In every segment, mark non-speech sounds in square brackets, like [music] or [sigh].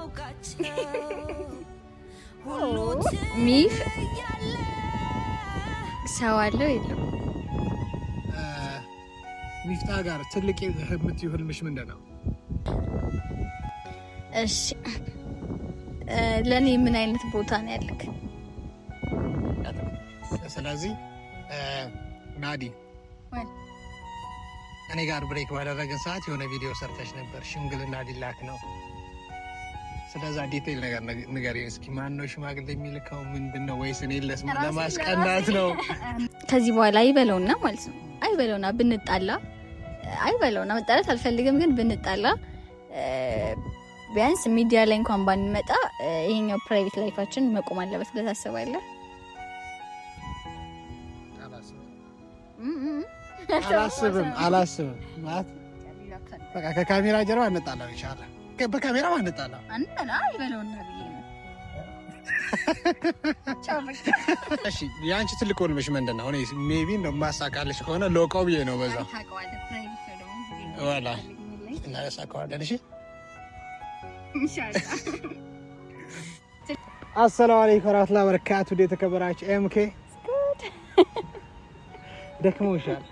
[laughs] ሚፍ ሰው አለው የለም? ሚፍታ ጋር ትልቅ የምትዩ ህልምሽ ምንድን ነው? እሺ ለእኔ ምን አይነት ቦታ ነው ያለክ? ስለዚህ ናዲ እኔ ጋር ብሬክ ባደረግን ሰዓት የሆነ ቪዲዮ ሰርተች ነበር። ሽምግልና ዲላክ ነው ስለዛ ዲቴል ነገር ንገሪኝ እስኪ። ማን ነው ሽማግሌ የሚልከው? ምንድን ነው ወይስ እኔ ለስ ለማስቀናት ነው? [laughs] ከዚህ በኋላ አይበለውና ማለት ነው አይበለውና ብንጣላ፣ አይበለውና መጣላት አልፈልግም፣ ግን ብንጣላ ቢያንስ ሚዲያ ላይ እንኳን ባንመጣ ይሄኛው ፕራይቬት ላይፋችን መቆም አለበት ብለህ ታስባለህ? አላስብም አላስብም። [laughs] በቃ ከካሜራ ጀርባ እንጣላው ይቻላል በካሜራ ማንጣላ አንተና ይበለውና የአንቺ ትልቅ ወልምሽ ምንድን ነው? ቢ ነው ማሳካልሽ ከሆነ ሎቀው ብዬ ነው በዛ እናሳካዋለን። እሺ አሰላሙ አለይኩም ወራህመቱላሂ ወበረካቱ። ዴ ተከበራችሁ ኤምኬ ደክሞሻል?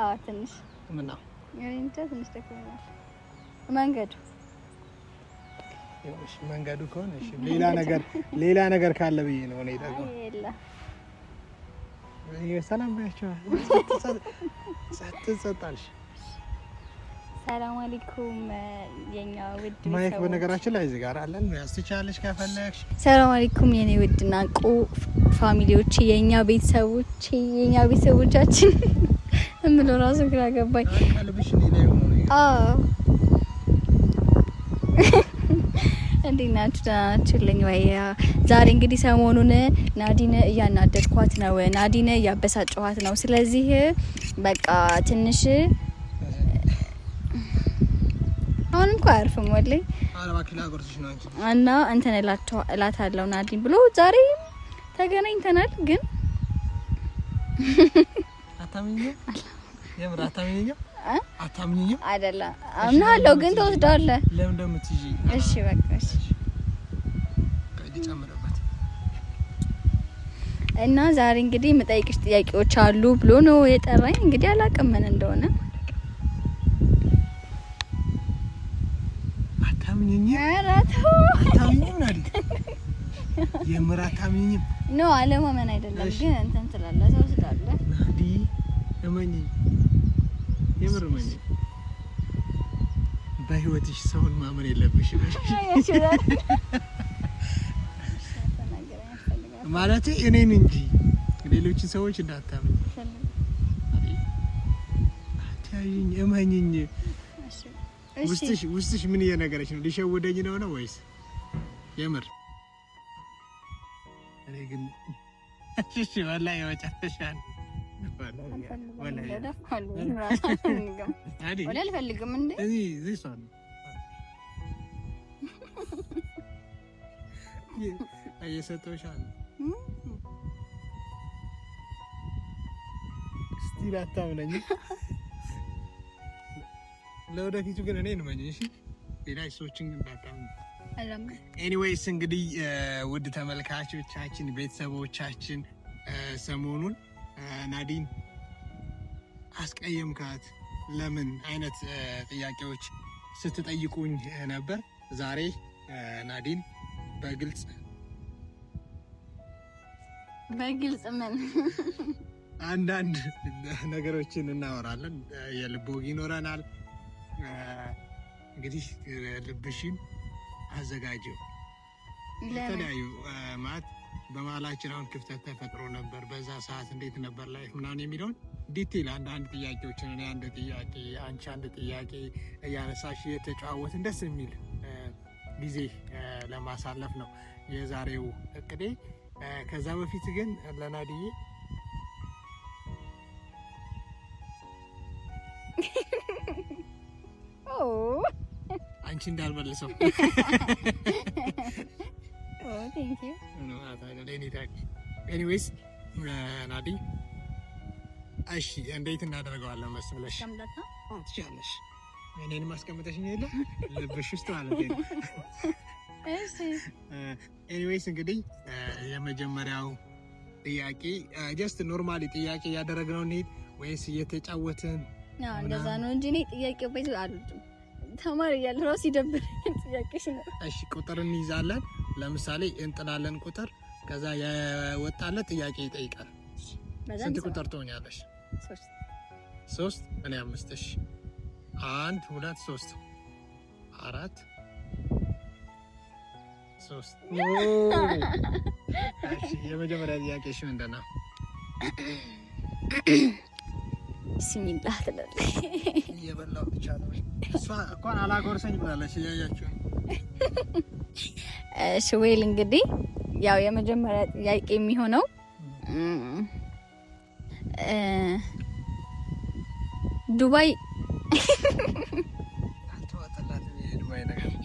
አዎ ትንሽ። ምን ነው ትንሽ መንገዱ መንገዱ ከሆነ ሌላ ነገር ሌላ ነገር ካለ ብዬ ነው። እኔ ደግሞ ሰላም ጸጥ ሰላም አለይኩም የኛ ውድ ማይክ በነገራችን ላይ እዚህ ጋር አለን መያዝ ትችያለሽ ከፈለግሽ። ሰላም አለይኩም የኔ ውድና ቁ ፋሚሊዎች የኛ ቤተሰቦች የኛ ቤተሰቦቻችን ራሱ ግራ ገባኝ። አዎ እንዴት ናችሁ? ደህና ናችሁልኝ ወይ? ዛሬ እንግዲህ ሰሞኑን ናዲን እያናደድኳት ነው፣ ናዲን እያበሳጨኋት ነው። ስለዚህ በቃ ትንሽ አሁን እንኳ አያርፍም ወላሂ እና እንትን እላታለሁ ናዲን ብሎ ዛሬ ተገናኝተናል ግን አታምኝም አይደለም። አምናለሁ ግን ትወስደዋለህ። ለምን እንደምትይዥ እሺ በቃ እሺ እና ዛሬ እንግዲህ የምጠይቅሽ ጥያቄዎች አሉ ብሎ ነው የጠራኝ። እንግዲህ አላቅም ምን እንደሆነ አታምኝም። ኖ አለማመን አይደለም ግን እንትን ስላለ ሰው ስላለ ናዲ እመኝ፣ የምር እመኝ። በህይወትሽ ሰውን ማመን የለብሽ ይችላል ማለት እኔን እንጂ ሌሎችን ሰዎች እንዳታምን። አታይኝ፣ እመኝኝ። ውስጥሽ ውስጥሽ ምን እየነገረች ነው? ሊሸውደኝ ነው ነው ወይስ የምር? እኔ ግን እሺ፣ ወላሂ የመጨረሻ እየሰጠሁሽ አለ ስቲል አታምነኝ። ለወደፊቱ ግን እኔ እንመኝ እሺ፣ ሌላ ሰዎችን እንዳታምኝ። ኤኒዌይስ እንግዲህ ውድ ተመልካቾቻችን፣ ቤተሰቦቻችን ሰሞኑን ናዲን አስቀየምካት ለምን አይነት ጥያቄዎች ስትጠይቁኝ ነበር። ዛሬ ናዲን በግልጽ በግልጽ ምን አንዳንድ ነገሮችን እናወራለን። የልብ ወግ ይኖረናል። እንግዲህ ልብሽን አዘጋጀው የተለያዩ ማለት በመሀላችን አሁን ክፍተት ተፈጥሮ ነበር። በዛ ሰዓት እንዴት ነበር ላይፍ ምናምን የሚለውን ዲቴል አንዳንድ ጥያቄዎችን እኔ አንድ ጥያቄ አንቺ አንድ ጥያቄ እያነሳሽ የተጨዋወትን ደስ የሚል ጊዜ ለማሳለፍ ነው የዛሬው እቅዴ። ከዛ በፊት ግን ለናድዬ አንቺ እንዳልመልሰው ኤኒዌይስ ናዲ እሺ፣ እንዴት እናደርገዋለን መሰለሽ? ትችያለሽ። እኔንም አስቀምጠሽኝ የለ ልብሽ ውስጥ ማለት ነው። ኤኒዌይስ እንግዲህ የመጀመሪያው ጥያቄ ጀስት ኖርማሊ ጥያቄ እያደረግነው እንሂድ ወይስ እየተጫወትን እንደዛ ነው እንጂ እኔ ጥያቄ ቤት አልወድም። ተማሪ እያለ ራሱ ይደብረኝ ጥያቄ ሲኖር። እሺ ቁጥር እንይዛለን። ለምሳሌ እንጥላለን ቁጥር፣ ከዛ የወጣለ ጥያቄ ይጠይቃል። ስንት ቁጥር ትሆኛለሽ? ሶስት እኔ አምስት። እሺ አንድ ሁለት ሶስት አራት ሶስት የመጀመሪያ ጥያቄ ምንድን ነው? ቢስሚላህ ትላለች። እየበላሁ ብቻ ነው። እሷ እንኳን አላጎርሰኝ ብላለች። እያያችሁ ሽዌል እንግዲህ ያው የመጀመሪያ ጥያቄ የሚሆነው ዱባይ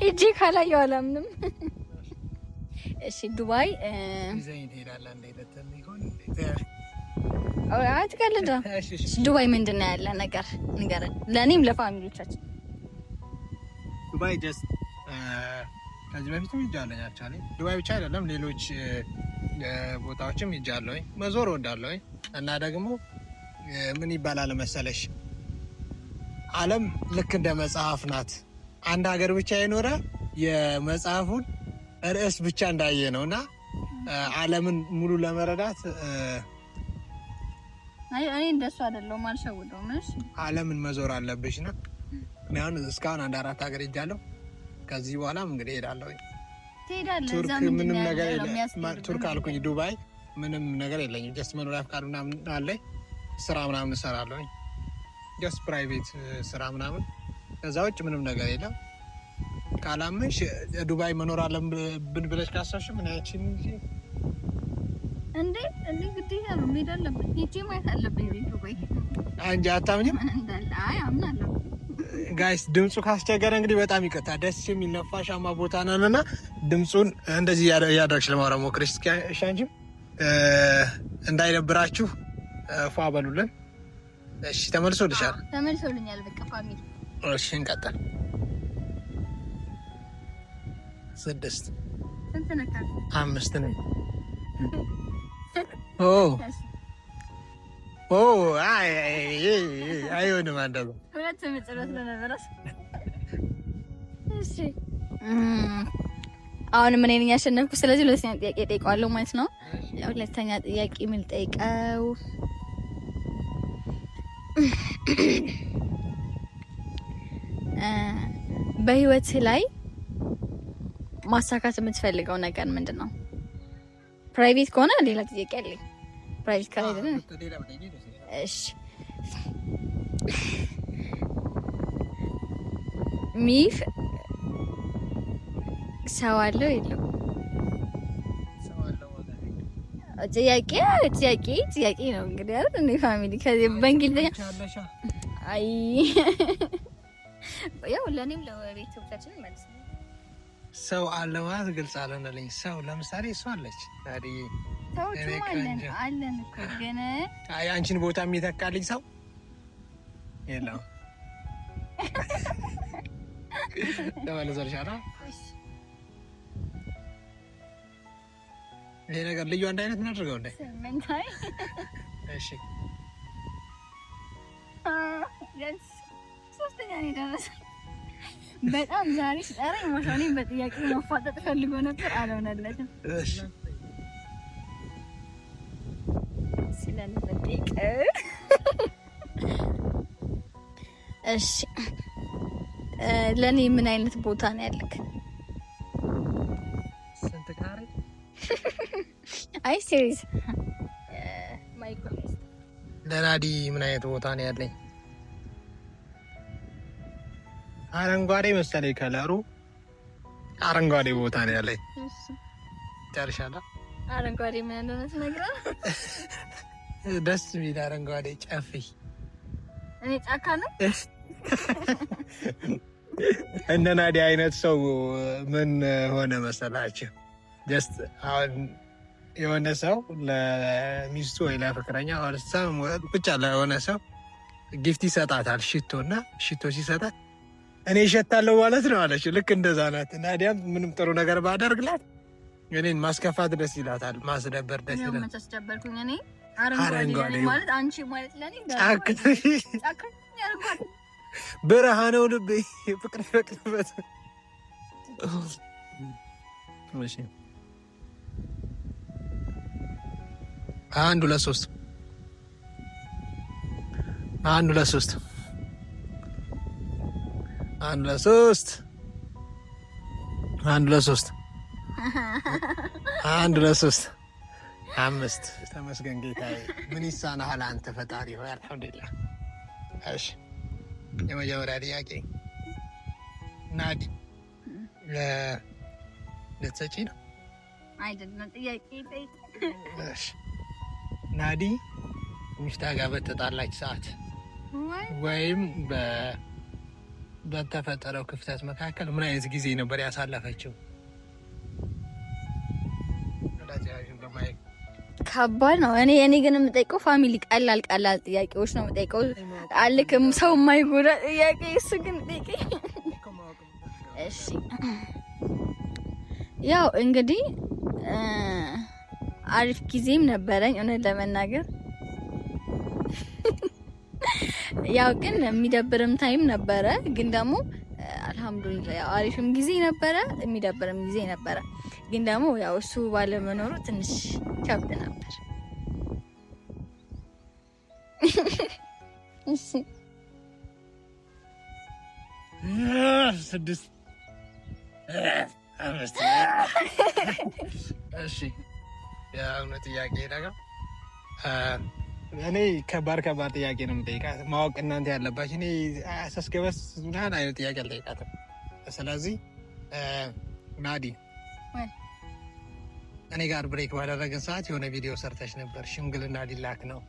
ሂጄ ካላየሁ አላምንም። እሺ ዱባይ አትቀልድ። ዱባይ ምንድን ነው ያለ ነገር ንገረን፣ ለእኔም ለፋሚሊዎቻችን። ዱባይ ጀስት ከዚህ በፊትም ሄጃለሁ። አክቹዋሊ ዱባይ ብቻ አይደለም ሌሎች ቦታዎችም ሄጃለሁ። መዞር እወዳለሁ እና ደግሞ ምን ይባላል መሰለሽ ዓለም ልክ እንደ መጽሐፍ ናት። አንድ ሀገር ብቻ የኖረ የመጽሐፉን ርዕስ ብቻ እንዳየ ነው እና ዓለምን ሙሉ ለመረዳት እኔ እንደሱ አይደለሁም፣ አልሸውደውም። ዓለምን መዞር አለብሽ ና እኔ እስካሁን አንድ አራት ሀገር ሄጃለሁ። ከዚህ በኋላም እንግዲህ ሄዳለሁ። ምንም ነገር ቱርክ አልኩኝ፣ ዱባይ ምንም ነገር የለኝም። ጀስት መኖሪያ ፍቃድ ምናምን አለኝ። ስራ ምናምን እሰራለሁኝ፣ ጀስት ፕራይቬት ስራ ምናምን። ከዛ ውጭ ምንም ነገር የለም። ካላምሽ ዱባይ መኖር አለብን ብለሽ ካሰብሽ ምን ያችን እንጂ እንዴ እንዴ ግዴታ ነው መሄድ አለብን። ሄጄ ማየት ቤት ዱባይ። አንቺ አታምኝም? አይ አምናለሁ። ጋይስ ድምፁ ካስቸገረ እንግዲህ በጣም ይቅርታ። ደስ የሚል ነፋሻማ ቦታ ነን እና ድምፁን እንደዚህ እያደረግሽ ለማውራት ሞክሪ እስኪ። እሺ አንቺም እንዳይደብራችሁ ፏ በሉልን። እሺ ተመልሶልሻል? ተመልሶልኛል። በቃ ፋሚሊ። እሺ እንቀጥል ስድስት አምስት ነኝ። [laughs] አይሆንም። አንዳሉ አሁንም እኔ ያሸነፍኩ። ስለዚህ ሁለተኛ ጥያቄ ጠይቀዋለሁ ማለት ነው። ሁለተኛ ጥያቄ ምን ጠይቀው [clears throat] በህይወት ላይ ማሳካት የምትፈልገው ነገር ምንድን ነው? ፕራይቬት ከሆነ ሌላ ጥያቄ አለኝ። ፕራይቬት ካለ እሺ፣ ሚፍ ሰው አለው የለው? ጥያቄ ጥያቄ ጥያቄ ነው እንግዲህ አይደል? እኔ ፋሚሊ ከዚህ በእንግሊዝኛ አይ ያው ለእኔም ለቤተሰቦቻችን መልስ ነው ሰው አለዋ ማለት ግልጽ አልሆነልኝ። ሰው ለምሳሌ እሷ አለች ታዲያ አንቺን ቦታ የሚተካልኝ ሰው የለውም። ተመልሶልሻለሁ። ይሄ ነገር ልዩ አንድ አይነት እናድርገው እንዴ? እሺ ሶስተኛ ደረሰ በጣም ዛሬ ሲጠራኝ ማሻኔ በጥያቄ መፋጠጥ ፈልጎ ነበር፣ አልሆነለትም። እሺ ስለነበጠቅ እሺ፣ ለእኔ ምን አይነት ቦታ ነው ያለክ? ስንት ካሬ? አይ ሲሪየስ ማይክሮፎን ለናዲ ምን አይነት ቦታ ነው ያለኝ? አረንጓዴ መሰለኝ ከለሩ አረንጓዴ ቦታ ነው ያለኝ። ጨርሻለሁ። አረንጓዴ ምን እንደሆነ ትነግረው። [laughs] ደስ የሚል አረንጓዴ ጨፊ። እኔ ጫካ ነው [laughs] እነ ናዲያ አይነት ሰው ምን ሆነ መሰላችሁ? ጀስት አሁን የሆነ ሰው ለሚስቱ ወይ ለፍቅረኛ ብቻ ለሆነ ሰው ጊፍት ይሰጣታል ሽቶ እና ሽቶ ሲሰጣት እኔ እሸታለሁ ማለት ነው አለች። ልክ እንደዛ ናት። ናዲያም ምንም ጥሩ ነገር ባደርግላት እኔን ማስከፋት ደስ ይላታል፣ ማስደበር ደስ ይላታል። በረሃ ነው ልቤ ፍቅር ይፈቅድበት። አንድ ሁለት ሶስት አንድ ሁለት ሶስት አንድ ለሶስት አንድ ለሶስት አንድ ለሶስት አምስት ተመስገን ጌታዬ። ምን ይሳናሃል አንተ ፈጣሪ ሆይ አልሐምዱሊላህ። እሺ የመጀመሪያ ጥያቄ ናዲ ለልትሰጪ ነው አይደለም? ጥያቄ እሺ ናዲ ሚፍታ ጋር በተጣላች ሰዓት ወይም በ በተፈጠረው ክፍተት መካከል ምን አይነት ጊዜ ነበር ያሳለፈችው? ከባድ ነው። እኔ እኔ ግን የምጠይቀው ፋሚሊ ቀላል ቀላል ጥያቄዎች ነው የምጠይቀው። አልክም ሰው የማይጎዳ ጥያቄ እሱ ግን ጥያቄ እሺ፣ ያው እንግዲህ አሪፍ ጊዜም ነበረኝ እውነት ለመናገር ያው ግን የሚደብርም ታይም ነበረ፣ ግን ደግሞ አልሐምዱሊላ አሪፍም ጊዜ ነበረ፣ የሚደብርም ጊዜ ነበረ። ግን ደግሞ ያው እሱ ባለመኖሩ ትንሽ ከብድ ነበር። [laughs] ስድስት [laughs] እሺ የእውነት ጥያቄ ነገር እኔ ከባድ ከባድ ጥያቄ ነው የምጠይቃት። ማወቅ እናንተ ያለባችሁ እኔ ሰስገበስ ምናምን አይነት ጥያቄ አልጠይቃትም። ስለዚህ ናዲ እኔ ጋር ብሬክ ባደረግን ሰዓት የሆነ ቪዲዮ ሰርተሽ ነበር፣ ሽምግልና ሊላክ ነው።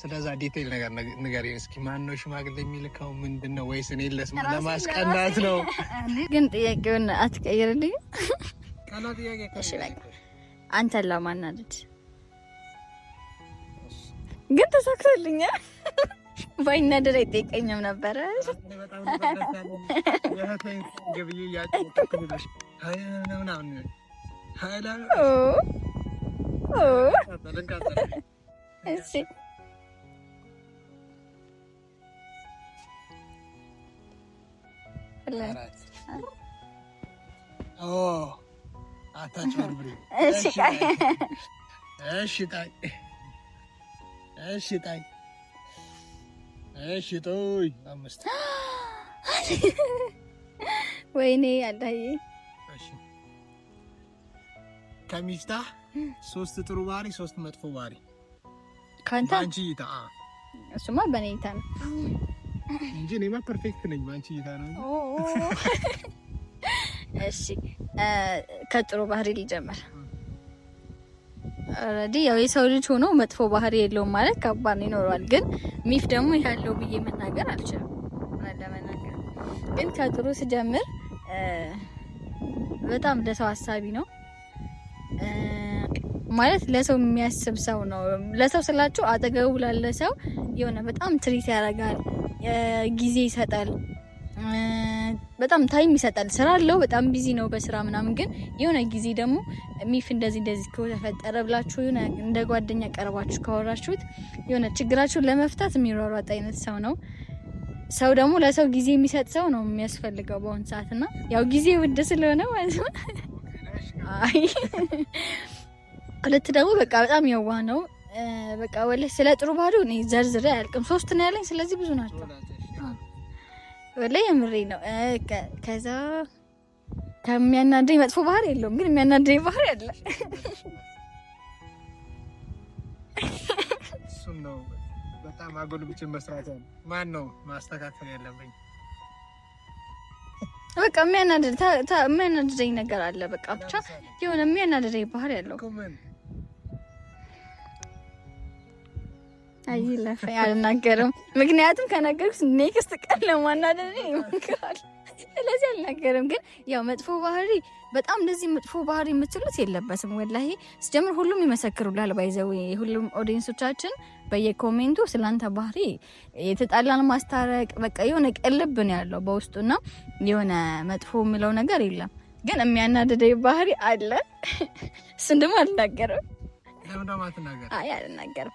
ስለዛ ዲቴይል ነገር ንገሪኝ እስኪ። ማን ነው ሽማግሌ የሚልከው? ምንድን ነው? ወይስ እኔ ለስ ለማስቀናት ነው? ግን ጥያቄውን አትቀይርልኝ። አንተን ለማናደድ ግን ተሳክቶልኛል። ወይና ድረ ይጠይቀኝም ነበረ። አታጭበርብሪ። እሺ እሺ እሺ ጣይ እሺ ጦይ አምስት [gasps] ወይኔ አላዬ እሺ ከሚፍታህ ሶስት ጥሩ ባህሪ ሶስት መጥፎ ባህሪ ካንተ አንቺ እይታ እሱማ በእኔ እይታ ነው እንጂ እኔማ ፐርፌክት ነኝ በአንቺ እይታ ነው [laughs] እሺ ከጥሩ ባህሪ ሊጀምር ረዲ ያው የሰው ልጅ ሆኖ መጥፎ ባህሪ የለውም ማለት ከባድ ይኖረዋል። ግን ሚፍ ደግሞ ያለው ብዬ መናገር አልችልም። ለመናገር ግን ከጥሩ ስጀምር በጣም ለሰው ሀሳቢ ነው ማለት ለሰው የሚያስብ ሰው ነው። ለሰው ስላችሁ አጠገቡ ላለ ሰው የሆነ በጣም ትሪት ያደርጋል፣ ጊዜ ይሰጣል በጣም ታይም ይሰጣል። ስራ አለው፣ በጣም ቢዚ ነው በስራ ምናምን። ግን የሆነ ጊዜ ደግሞ ሚፍ እንደዚህ እንደዚህ ተፈጠረ ብላችሁ የሆነ እንደ ጓደኛ ቀርባችሁ ካወራችሁት የሆነ ችግራችሁን ለመፍታት የሚሯሯጥ አይነት ሰው ነው። ሰው ደግሞ ለሰው ጊዜ የሚሰጥ ሰው ነው የሚያስፈልገው በአሁን ሰዓት እና ያው ጊዜ ውድ ስለሆነ ማለት ነው። አይ ሁለት ደግሞ በቃ በጣም የዋህ ነው። በቃ ወላሂ ስለ ጥሩ ባዶ እኔ ዘርዝሬ አያልቅም። ሶስት ነው ያለኝ፣ ስለዚህ ብዙ ናቸው። ወላሂ የምሬ ነው። ከዛ ከሚያናደኝ መጥፎ ባህሪ የለውም፣ ግን የሚያናደኝ ባህሪ አለ። ነው በጣም አጎልብቼ መስራት ነው። ማን ነው ማስተካከል ያለብኝ? በቃ የሚያናድደኝ ነገር አለ። በቃ ብቻ የሆነ የሚያናድደኝ ባህሪ ያለው አይ ለፋይ አልናገርም። ምክንያቱም ከነገርኩት ኔክስት ቀን ለማናደድ ይሞክራል። ስለዚህ አልናገርም። ግን ያው መጥፎ ባህሪ በጣም እንደዚህ መጥፎ ባህሪ የምትሉት የለበትም። ወላሂ ስጀምር ሁሉም ይመሰክሩላል። ባይዘው ሁሉም ኦዲየንሶቻችን በየኮሜንቱ ስላንተ ባህሪ የተጣላን ማስታረቅ በቃ የሆነ ቅልብ ነው ያለው በውስጡና የሆነ መጥፎ የሚለው ነገር የለም። ግን የሚያናደደኝ ባህሪ አለ። እሱን ደግሞ አልናገርም። አይ አልናገርም።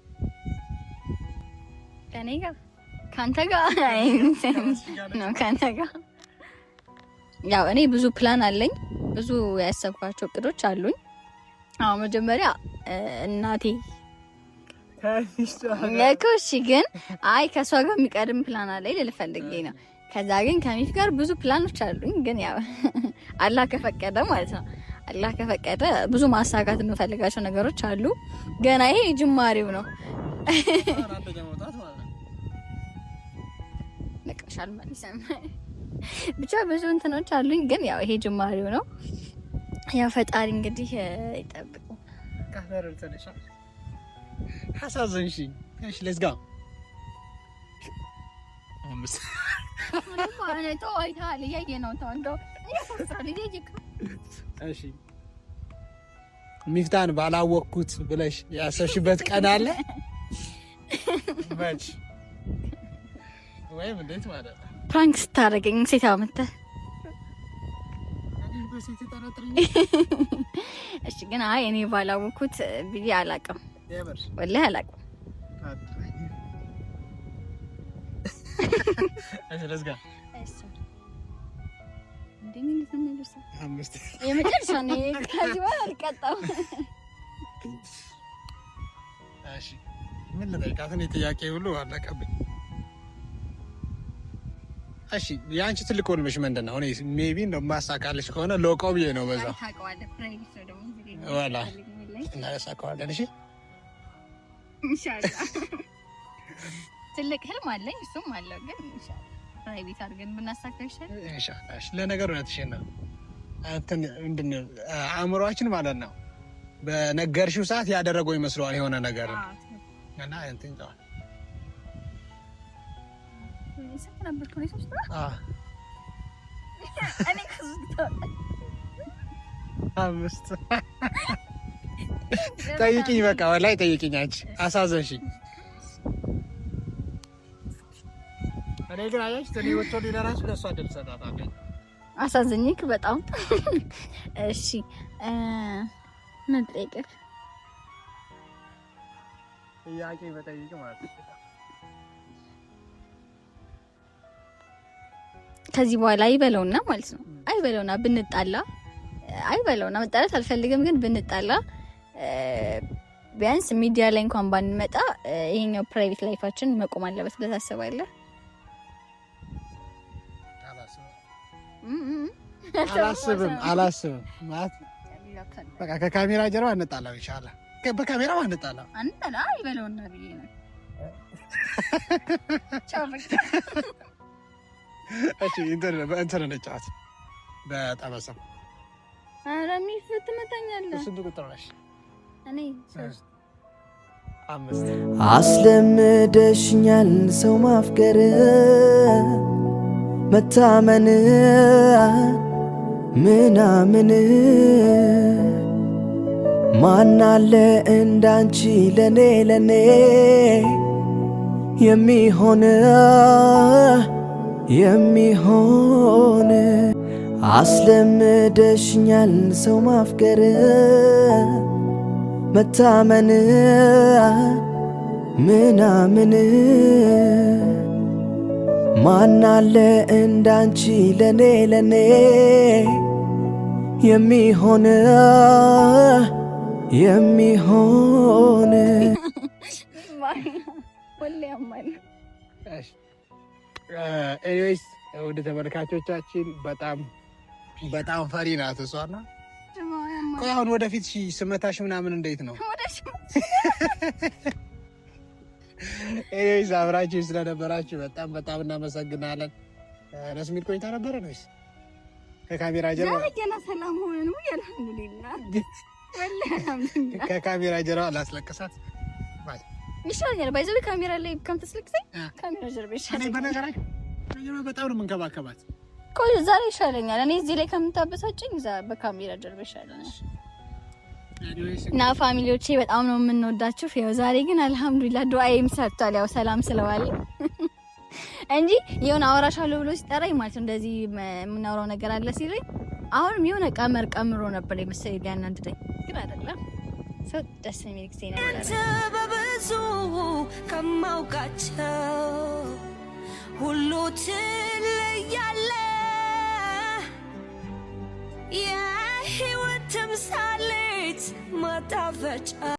ከኔ ጋር ከአንተ ጋር [laughs] ነው። ከአንተ ጋር ያው እኔ ብዙ ፕላን አለኝ፣ ብዙ ያሰብኳቸው እቅዶች አሉኝ። አሁን መጀመሪያ እናቴ ለኮሺ ግን አይ ከእሷ ጋር የሚቀድም ፕላን አለኝ ልልፈልግ ነው። ከዛ ግን ከሚፍ ጋር ብዙ ፕላኖች አሉኝ፣ ግን ያው [laughs] አላህ ከፈቀደ ማለት ነው። አላህ ከፈቀደ ብዙ ማሳካት የምፈልጋቸው ነገሮች አሉ። ገና ይሄ ጅማሬው ነው። ይነቅርሻል መልሰም [laughs] ብቻ ብዙ እንትኖች አሉኝ። ግን ያው ይሄ ጅማሬው ነው። ያው ፈጣሪ እንግዲህ ይጠብቁ። ሀሳዘንሽኝ ለዝጋ [laughs] ሚፍታን ባላወቅኩት ብለሽ ያሰብሽበት ቀን አለ። [laughs] ወይም እንዴት ማለት ፕራንክ ስታደርገኝ ሴት አመጣህ። እሺ ግን አይ እኔ ባላወኩት ብዬ አላቅም፣ ወላሂ አላቅም። [laughs] የመጨረሻ [laughs] ከዚህ በኋላ አልቀጣም። ምን ልጠይቃት? እኔ ጥያቄ ሁሉ አለቀብኝ። እሺ የአንቺ ትልቅ ወልምሽ ምንድን ነው? እኔ ሜቢ ነው ማሳካልሽ ከሆነ ሎቀው ብዬ ነው በዛ እናሳካዋለን። እሺ ትልቅ ህልም አለኝ፣ እሱም አለው ግን ፕራይቬት አድርገን ብናሳካው ይሻላል። ኢንሻአላህ። ለነገሩ እውነትሽን ነው። እንትን ምንድን ነው አእምሯችን ማለት ነው በነገርሽው ሰዓት ያደረገው ይመስለዋል የሆነ ነገር እና እንትን ይለዋል [laughs] አምስት [laughs] ጠይቂኝ፣ በቃ ወላሂ ጠይቂኝ። አንቺ አሳዘንሽኝ። እኔ ግን አያች ተኔ ወጥቶ ሌላ ራሱ ለእሷ አሳዘኝክ በጣም። እሺ ምን ጠይቅህ? ጥያቄ በጠይቅ ማለት ነው ከዚህ በኋላ አይበለውና ማለት ነው አይበለውና ብንጣላ አይበለውና መጣላት አልፈልግም፣ ግን ብንጣላ ቢያንስ ሚዲያ ላይ እንኳን ባንመጣ ይሄኛው ፕራይቬት ላይፋችን መቆም አለበት ብለህ ታስባለህ? አላስብም አላስብም ማለት በቃ ከካሜራ ጀርባ እንጣላው ይሻላል። በካሜራ አንጣላው አንጣላ አይበለውና ብዬ ነው። እሺ እንትን እንጫወት በጠበሰ ኧረ ሚፍት ትመታኛለህ። ስንት ቁጥር ነሽ? እኔ አስለምደሽኛል ሰው ማፍቀር መታመን ምናምን ማናለ እንዳንቺ ለኔ ለኔ የሚሆን የሚሆን አስለምደሽኛል ሰው ማፍቀር መታመን ምናምን ማናለ እንዳንቺ ለኔ ለኔ የሚሆን የሚሆን ኤኒዌይስ uh, ወደ ተመልካቾቻችን በጣም በጣም ፈሪ ናት እሷና ቆይ አሁን ወደፊት ስመታሽ ምናምን እንዴት ነው? ኤኒዌይስ አብራችሁ ስለነበራችሁ በጣም በጣም እናመሰግናለን። ደስ uh, የሚል ቆይታ ነበረ። ነውስ ከካሜራ ጀርባ ገና ሰላም ነው ከካሜራ ጀርባ ላስለቅሳት ይሻለኛል ባይዘው ካሜራ ላይ ከምትስልክ ጊዜ ካሜራ ጀርባ ይሻለኛል። እኔ በነገራችን በጣም ነው የምንከባከባት። ቆይ ዛሬ ይሻለኛል። እኔ እዚህ ላይ ከምታበሳጭኝ እዛ በካሜራ ጀርባ ይሻለኛል። እና ፋሚሊዎቼ በጣም ነው የምንወዳችሁ። ያው ዛሬ ግን አልሐምዱሊላ ዱአዬም ሰጥቷል። ያው ሰላም ስለዋለ [laughs] እንጂ የሆነ አወራሻለሁ ብሎ ሲጠራኝ ማለት ነው እንደዚህ የምናወራው ነገር አለ ሲለኝ አሁንም የሆነ ቀመር ቀምሮ ነበር የመሰለኝ ሊያናድደኝ ግን አይደለም ሰው ደስ የሚል ጊዜ ነበር። በብዙ ከማውቃቸው ሁሉ ትለያለ የህይወት ተምሳሌት ማጣፈጫ